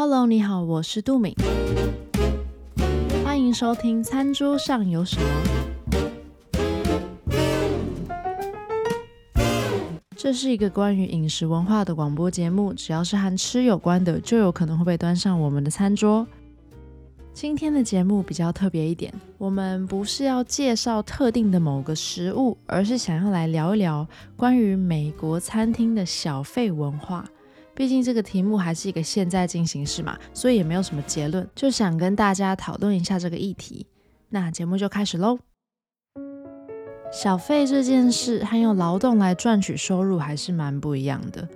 Hello，你好，我是杜敏，歡迎收聽《餐桌上有什麼》。這是一個關於飲食文化的廣播節目，只要是和吃有關的，就有可能會被端上我們的餐桌。今天的節目比較特別一點，我們不是要介紹特定的某個食物，而是想要來聊一聊關於美國餐廳的小費文化。畢竟這個題目還是一個現在進行式嘛，所以也沒有什麼結論，就想跟大家討論一下這個議題。那節目就開始嘍。小費這件事，和用勞動來賺取收入，還是蠻不一樣的。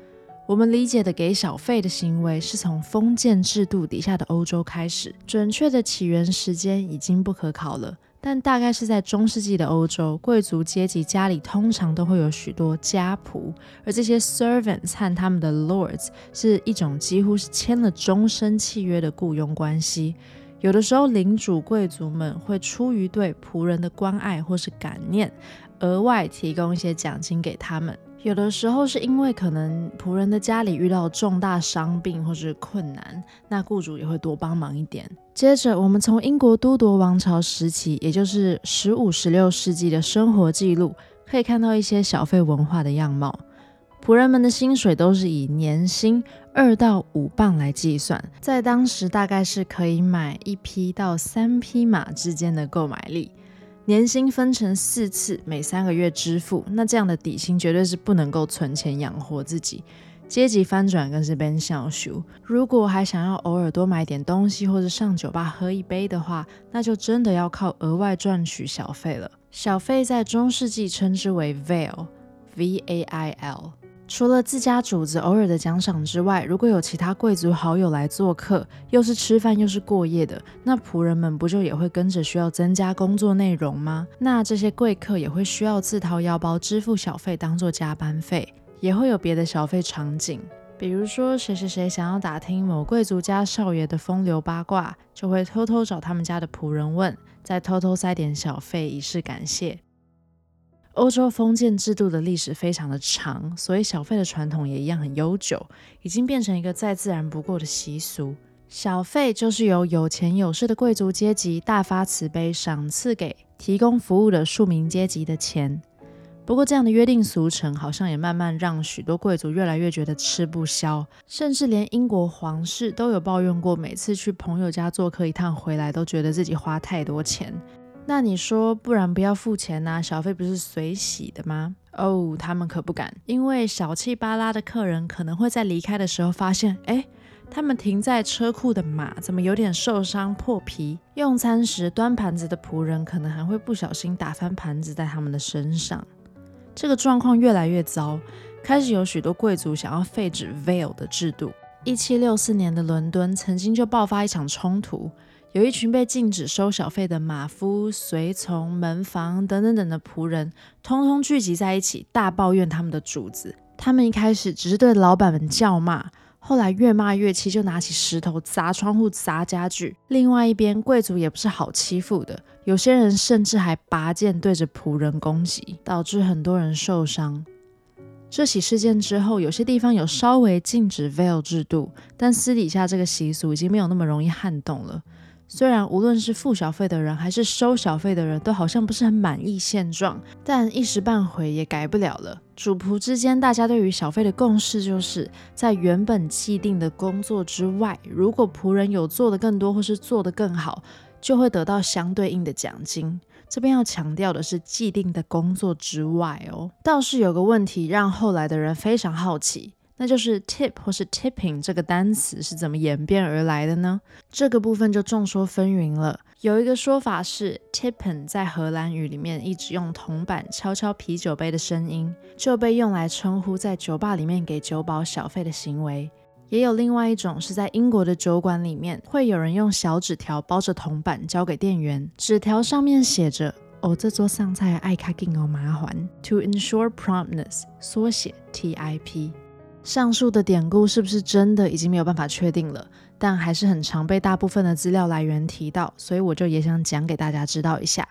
我們理解的給小費的行為，是從封建制度底下的歐洲開始，準確的起源時間已經不可考了。但大概是在中世紀的歐洲，貴族階級家裡通常都會有許多家僕，而這些 servants 和他們的 lords 是一種幾乎是簽了終身契約的雇傭關係。有的時候，領主貴族們會出於對僕人的關愛或是感念，額外提供一些獎金給他們。有的時候是因為可能僕人的家裡遇到重大傷病或是困難，那雇主也會多幫忙一點。接着，我們從英國都鐸王朝時期，也就是十五、十六世紀的生活記錄，可以看到一些小費文化的樣貌。僕人們的薪水都是以年薪二到五鎊來計算，在當時大概是可以買一匹到三匹馬之間的購買力。年薪分成四次，每三個月支付。那這樣的底薪絕對是不能夠存錢養活自己。階級翻轉更是 Ben show。如果還想要偶爾多買點東西，或者上酒吧喝一杯的話，那就真的要靠額外賺取小費了。小費在中世紀稱之為 Vail, v a i l v a i l。除了自家主子偶爾的獎賞之外，如果有其他貴族好友來做客，又是吃飯又是過夜的，那僕人們不就也會跟着需要增加工作內容嗎？那這些貴客也會需要自掏腰包支付小費當做加班費，也會有別的小費場景，比如說誰誰誰想要打聽某貴族家少爺的風流八卦，就會偷偷找他們家的僕人問，再偷偷塞點小費以示感謝。歐洲封建制度的歷史非常的長，所以小費的傳統也一樣很悠久，已經變成一個再自然不過的習俗。小費就是由有錢有勢的貴族階級大發慈悲賞賜給提供服務的庶民階級的錢。不過，這樣的約定俗成好像也慢慢讓許多貴族越來越覺得吃不消，甚至連英國皇室都有抱怨過，每次去朋友家做客一趟回來，都覺得自己花太多錢。那你說，不然不要付錢吶，啊？小費不是隨喜的嗎？哦、oh，他們可不敢，因為小氣巴拉的客人可能會在離開的時候發現，哎，他們停在車庫的馬怎麼有點受傷破皮？用餐時端盤子的僕人可能還會不小心打翻盤子在他們的身上。這個狀況越來越糟，開始有許多貴族想要廢止 veil 的制度。一七六四年的倫敦曾經就爆發一場衝突。有一群被禁止收小費的馬夫、隨從、門房等等等的僕人，通通聚集在一起，大抱怨他們的主子。他們一開始只是對老闆們叫罵，後來越罵越氣，就拿起石頭砸窗戶、砸家具。另外一邊，貴族也不是好欺負的，有些人甚至還拔劍對着僕人攻擊，導致很多人受傷。這起事件之後，有些地方有稍微禁止 vail 制度，但私底下這個習俗已經沒有那麼容易撼動了。雖然無論是付小費的人還是收小費的人都好像不是很滿意現狀，但一時半會也改不了了。主僕之間，大家對於小費的共識就是在原本既定的工作之外，如果僕人有做得更多或是做得更好，就會得到相對應的獎金。這邊要強調的是既定的工作之外哦。倒是有個問題讓後來的人非常好奇。那就是 tip 或是 tipping 這個單詞是怎麼演變而來的呢？這個部分就眾說紛紜了。有一個說法是 tippen 在荷蘭語裡面一直用銅板敲敲啤酒杯的聲音，就被用來稱呼在酒吧裡面給酒保小費的行為。也有另外一種是在英國的酒館裡面，會有人用小紙條包着銅板交給店員，紙條上面寫着“哦、oh,，這桌上菜愛卡緊哦麻煩 ”，to ensure promptness，縮寫 TIP。上述的典故是不是真的已經沒有辦法確定了，但還是很常被大部分的資料來源提到，所以我就也想講給大家知道一下。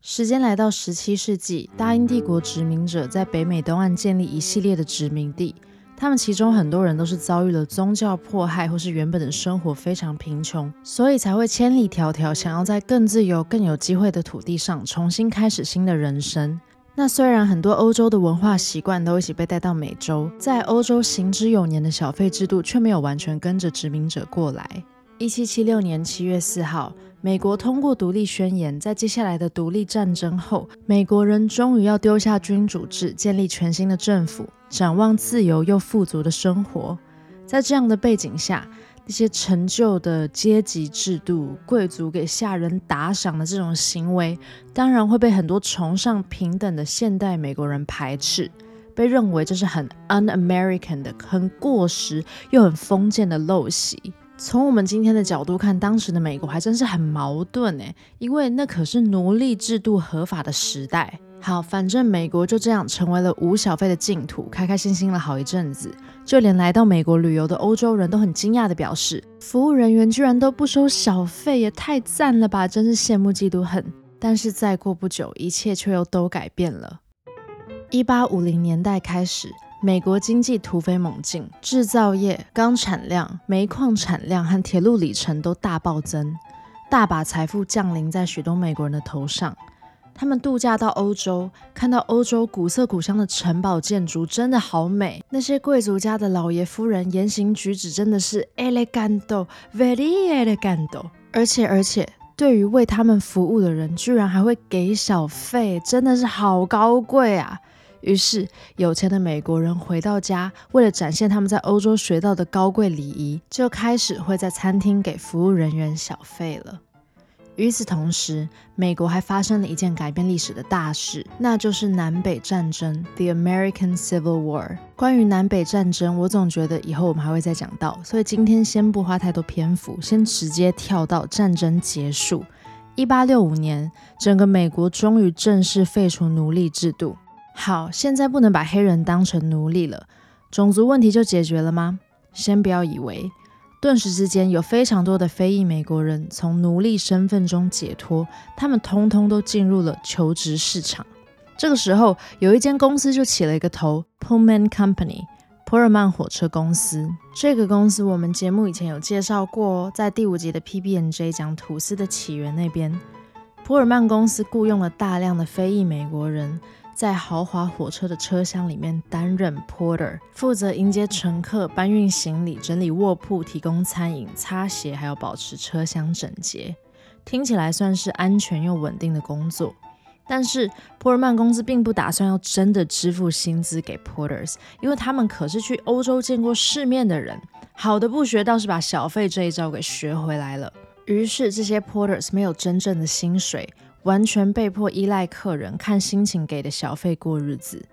時間來到十七世紀，大英帝國殖民者在北美東岸建立一系列的殖民地，他們其中很多人都是遭遇了宗教迫害或是原本的生活非常貧窮，所以才會千里迢迢想要在更自由、更有機會的土地上重新開始新的人生。那雖然很多歐洲的文化習慣都一起被帶到美洲，在歐洲行之有年的小費制度卻沒有完全跟着殖民者過來。一七七六年七月四號，美國通過獨立宣言，在接下來的獨立戰爭後，美國人終於要丟下君主制，建立全新的政府，展望自由又富足的生活。在這樣的背景下，一些陳舊的階級制度，貴族給下人打賞的這種行為，當然會被很多崇尚平等的現代美國人排斥，被認為這是很 un-American 的、很過時又很封建的陋習。從我們今天的角度看，當時的美國還真是很矛盾哎，因為那可是奴隸制度合法的時代。好，反正美國就這樣成為了無小費的淨土，開開心心了好一陣子。就連來到美國旅遊的歐洲人都很驚訝地表示，服務人員居然都不收小費，也太讚了吧！真是羨慕嫉妒恨。但是再過不久，一切卻又都改變了。一八五零年代開始，美國經濟突飛猛進，製造業、鋼產量、煤礦產量和鐵路里程都大暴增，大把財富降臨在許多美國人的頭上。他們度假到歐洲，看到歐洲古色古香的城堡建築，真的好美。那些貴族家的老爺夫人言行舉止真的是 elegant，very elegant。而且而且，對於為他們服務的人，居然還會給小費，真的是好高貴啊！於是，有錢的美國人回到家，為了展現他們在歐洲學到的高貴禮儀，就開始會在餐廳給服務人員小費了。與此同時，美國還發生了一件改變歷史的大事，那就是南北戰爭 （The American Civil War）。關於南北戰爭，我總覺得以後我們還會再講到，所以今天先不花太多篇幅，先直接跳到戰爭結束。一八六五年，整個美國終於正式廢除奴隸制度。好，現在不能把黑人當成奴隸了，種族問題就解決了嗎？先不要以為。頓時之間，有非常多的非裔美國人從奴隸身份中解脫，他們通通都進入了求職市場。這個時候，有一間公司就起了一個頭，Pullman Company（ 普爾曼火車公司）。這個公司我們節目以前有介紹過，在第五集的 PBNJ 講吐司的起源那邊，普爾曼公司雇傭了大量的非裔美國人。在豪華火車的車廂裡面擔任 porter，負責迎接乘客、搬運行李、整理臥鋪、提供餐飲、擦鞋，還要保持車廂整潔。聽起來算是安全又穩定的工作，但是普爾曼公司並不打算要真的支付薪資給 porters，因為他們可是去歐洲見過世面的人，好的不學倒是把小費這一招給學回來了。於是這些 porters 沒有真正的薪水。完全被迫依賴客人看心情給的小費過日子。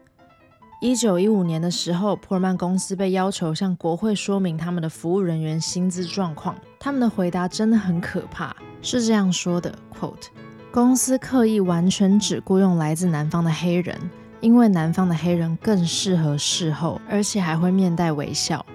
一九一五年的時候，普爾曼公司被要求向國會說明他們的服務人員薪資狀況，他們的回答真的很可怕，是這樣說的：quote 公司刻意完全只雇傭來自南方的黑人，因為南方的黑人更適合侍候，而且還會面帶微笑。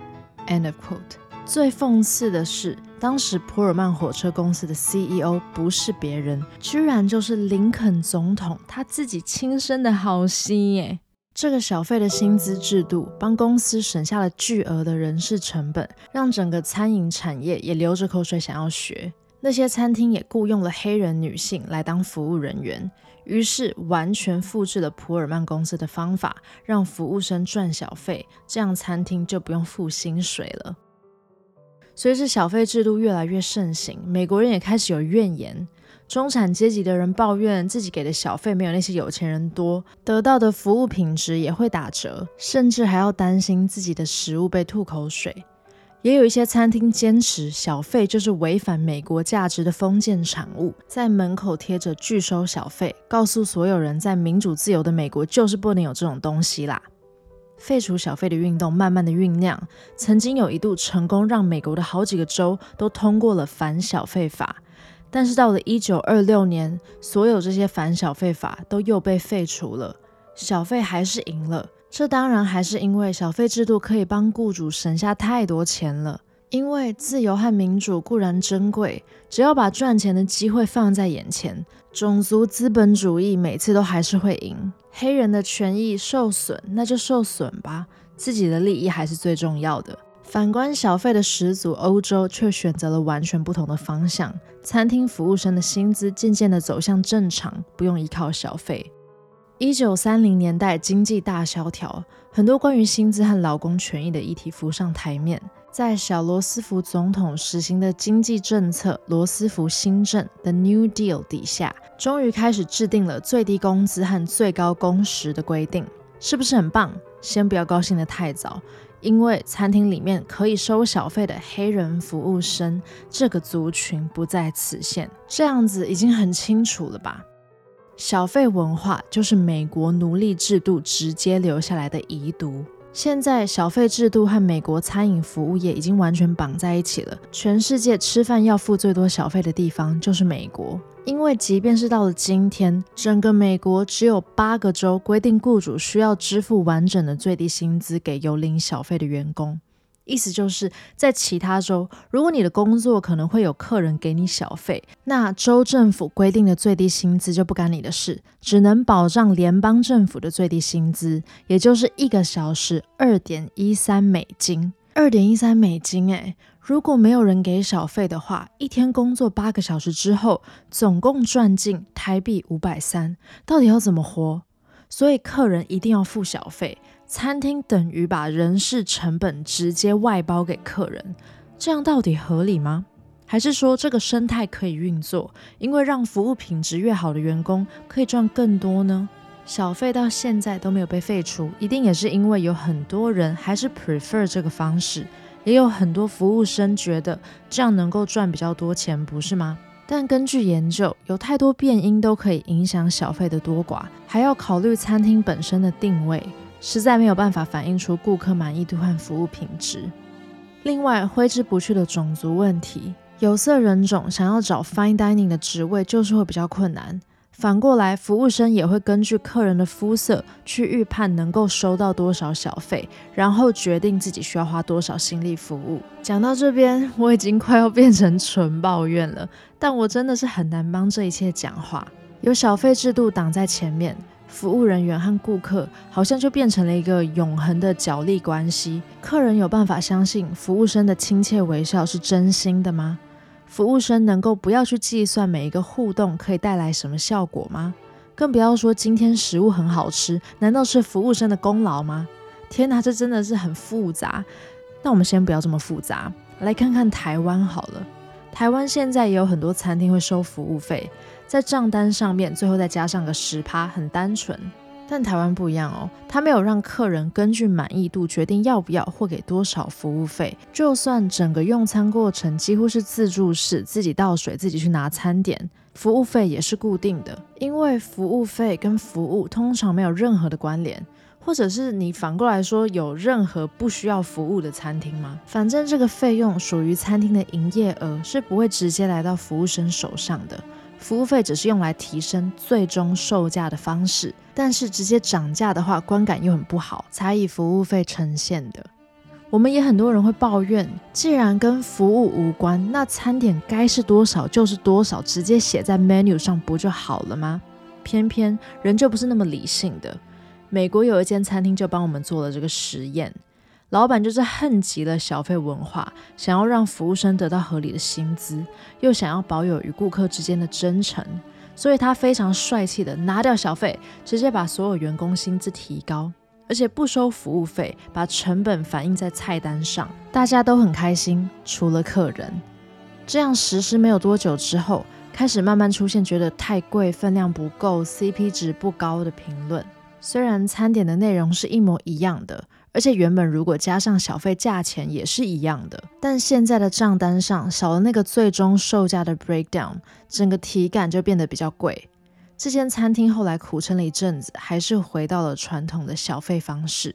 end of quote 最諷刺的是，當時普爾曼火車公司的 CEO 不是別人，居然就是林肯總統他自己親生的好心耶！這個小費的薪資制度，幫公司省下了巨額的人事成本，讓整個餐飲產業也流着口水想要學。那些餐廳也雇傭了黑人女性來當服務人員，於是完全複製了普爾曼公司的方法，讓服務生賺小費，這樣餐廳就不用付薪水了。隨着小費制度越來越盛行，美國人也開始有怨言。中產階級的人抱怨自己給的小費沒有那些有錢人多，得到的服務品質也會打折，甚至還要擔心自己的食物被吐口水。也有一些餐廳堅持小費就是違反美國價值的封建產物，在門口貼着拒收小費，告訴所有人在民主自由的美國就是不能有這種東西啦。廢除小費的運動慢慢的醞釀，曾經有一度成功讓美國的好幾個州都通過了反小費法，但是到了一九二六年，所有這些反小費法都又被廢除了，小費還是贏了。這當然還是因為小費制度可以幫僱主省下太多錢了。因為自由和民主固然珍貴，只要把賺錢的機會放在眼前，種族資本主義每次都還是會贏。黑人的權益受損，那就受損吧，自己的利益還是最重要的。反觀小費的始祖歐洲，卻選擇了完全不同的方向。餐廳服務生的薪資漸漸地走向正常，不用依靠小費。一九三零年代經濟大蕭條，很多關於薪資和勞工權益的議題浮上台面。在小羅斯福總統實行的經濟政策——羅斯福新政 （The New Deal） 底下，終於開始制定了最低工資和最高工時的規定，是不是很棒？先不要高興得太早，因為餐廳裡面可以收小費的黑人服務生這個族群不在此限。這樣子已經很清楚了吧？小費文化就是美國奴隸制度直接留下來的遺毒。現在，小費制度和美國餐飲服務業已經完全綁在一起了。全世界吃飯要付最多小費的地方就是美國，因為即便是到了今天，整個美國只有八個州規定雇主需要支付完整的最低薪資給有領小費的員工。意思就是在其他州，如果你的工作可能會有客人給你小費，那州政府規定的最低薪資就不干你的事，只能保障聯邦政府的最低薪資，也就是一個小時二點一三美金。二點一三美金誒、欸，如果沒有人給小費的話，一天工作八個小時之後，總共賺進台幣五百三，到底要怎麼活？所以客人一定要付小費。餐廳等於把人事成本直接外包給客人，這樣到底合理嗎？還是說這個生態可以運作，因為讓服務品質越好的員工可以賺更多呢？小費到現在都沒有被廢除，一定也是因為有很多人還是 prefer 這個方式，也有很多服務生覺得這樣能夠賺比較多錢，不是嗎？但根據研究，有太多變因都可以影響小費的多寡，還要考慮餐廳本身的定位。實在沒有辦法反映出顧客滿意度和服務品質。另外，揮之不去的種族問題，有色人種想要找 fine dining 的職位就是會比較困難。反過來，服務生也會根據客人的膚色去預判能夠收到多少小費，然後決定自己需要花多少心力服務。講到這邊，我已經快要變成純抱怨了，但我真的是很難幫這一切講話，有小費制度擋在前面。服務人員和顧客好像就變成了一個永恆的角力關係。客人有辦法相信服務生的親切微笑是真心的嗎？服務生能夠不要去計算每一個互動可以帶來什麼效果嗎？更不要說今天食物很好吃，難道是服務生的功勞嗎？天哪，這真的是很複雜。那我們先不要這麼複雜，來看看台灣好了。台灣現在也有很多餐廳會收服務費。在賬單上面最後再加上個十趴，很單純。但台灣不一樣哦，它沒有讓客人根據滿意度決定要不要或給多少服務費。就算整個用餐過程幾乎是自助式，自己倒水、自己去拿餐點，服務費也是固定的。因為服務費跟服務通常沒有任何的關聯。或者是你反過來說，有任何不需要服務的餐廳嗎？反正這個費用屬於餐廳的營業額，是不會直接來到服務生手上的。服務費只是用來提升最終售價的方式，但是直接漲價的話，觀感又很不好，才以服務費呈現的。我們也很多人會抱怨，既然跟服務無關，那餐點該是多少就是多少，直接寫在 menu 上不就好了嗎？偏偏人就不是那麼理性的。美國有一間餐廳就幫我們做了這個實驗。老闆就是恨極了小費文化，想要讓服務生得到合理的薪資，又想要保有與顧客之間的真誠，所以他非常帥氣的拿掉小費，直接把所有員工薪資提高，而且不收服務費，把成本反映在菜單上，大家都很開心，除了客人。這樣實施沒有多久之後，開始慢慢出現覺得太貴、分量不夠、CP 值不高的評論。雖然餐點的內容是一模一樣的。而且原本如果加上小費，價錢也是一樣的。但現在的賬單上少了那個最終售價的 breakdown，整個體感就變得比較貴。這間餐廳後來苦撐了一陣子，還是回到了傳統的小費方式。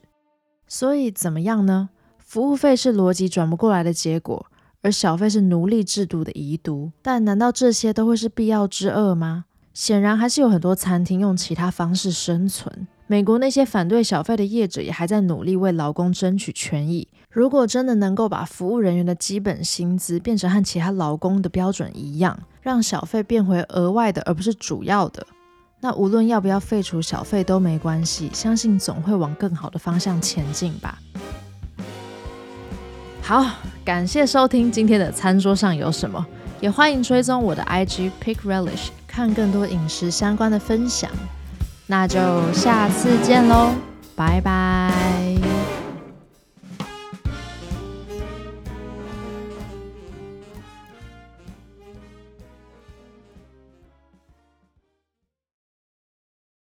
所以怎麼樣呢？服務費是邏輯轉不過來的結果，而小費是奴隸制度的遺毒。但難道這些都會是必要之惡嗎？顯然還是有很多餐廳用其他方式生存。美國那些反對小費的業者也還在努力為勞工爭取權益。如果真的能夠把服務人員的基本薪資變成和其他勞工的標準一樣，讓小費變回額外的而不是主要的，那無論要不要廢除小費都沒關係。相信總會往更好的方向前進吧。好，感謝收聽今天的餐桌上有什麼，也歡迎追蹤我的 IG Pick Relish，看更多飲食相關的分享。那就下次見嘍，拜拜。